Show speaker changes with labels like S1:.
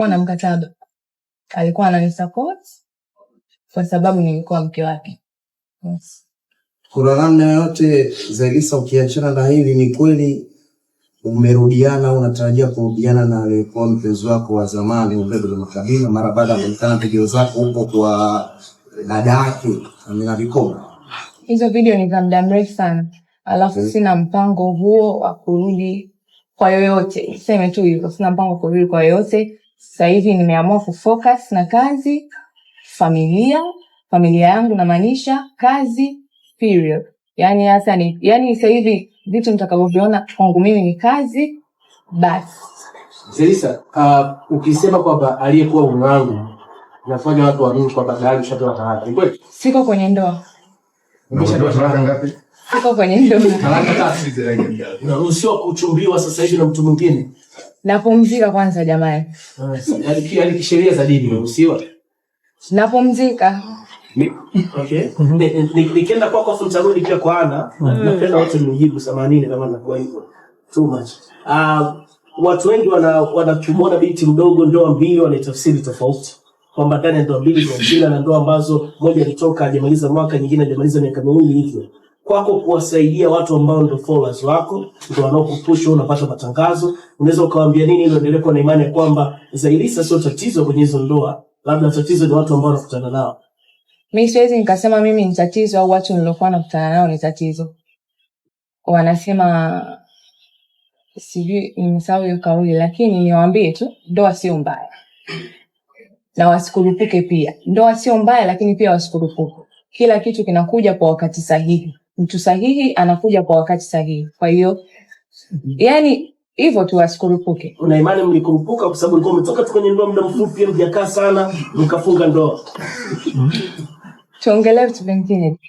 S1: kuwa na mkataba, alikuwa ananisupport kwa sababu nilikuwa mke wake. Yes.
S2: Kuna namna yoyote Zailisa, ukiachana na hili, ni kweli umerudiana au unatarajia kurudiana na aliyekuwa mpenzi wako wa zamani Ubebe Makabila mara baada ya kuonekana video zako huko kwa dada yake Amina Vikoma?
S1: Hizo video ni za muda mrefu sana, alafu eh. sina mpango huo wa kurudi kwa yoyote, seme tu hivyo, sina mpango kurudi kwa yoyote sasa hivi nimeamua kufocus na kazi, familia, familia yangu namaanisha kazi period. Yani hasa ni yani, sasa hivi vitu nitakavyoviona kwangu mimi ni kazi basi.
S2: Zelisa, uh, ukisema kwamba aliyekuwa mume wangu nafanya watu waamini kwamba tayari ushapewa talaka.
S1: Ni kweli? Siko kwenye ndoa.
S2: Umeshapewa talaka ngapi?
S1: Siko kwenye ndoa.
S2: Unaruhusiwa kuchumbiwa sasa hivi na mtu mwingine.
S1: Napumzika kwanza jamani.
S2: Yaani, yaani kisheria za dini unaruhusiwa.
S1: Napumzika.
S2: Okay. Mhm. Nikienda kwa kwa nitarudi pia kwa Ana. Mhm. Napenda watu mnijibu themanini kama nakuwa hivyo. Too much. Ah, watu wengi wana wanachumona binti mdogo ndoa mbili wana tafsiri tofauti kwamba ndani ndoa mbili kuna jina na ndoa ambazo moja alitoka hajamaliza mwaka nyingine hajamaliza miaka miwili hivyo kwako kuwasaidia watu ambao ndio followers wako, ndio wanaokupush, unapata matangazo. Unaweza ukawaambia nini ili endelee kuwa na imani kwamba Zaiylisa sio tatizo kwenye hizo ndoa, labda tatizo ni watu ambao wanakutana nao?
S1: Mimi siwezi nikasema mimi ni tatizo au watu nilokuwa nakutana nao ni tatizo. Wanasema sijui nimesahau hiyo kauli, lakini niwaambie tu ndoa sio mbaya na wasikurupuke pia. Ndoa sio mbaya, lakini pia wasikurupuke. Kila kitu kinakuja kwa wakati sahihi mtu sahihi anakuja kwa wakati sahihi. Kwa hiyo yani hivyo tu, asikurupuke.
S2: Una imani mlikurupuka kwa sababu ulikuwa umetoka tu kwenye ndoa muda mfupi, mjakaa sana mkafunga ndoa.
S1: Tuongelee vitu vingine.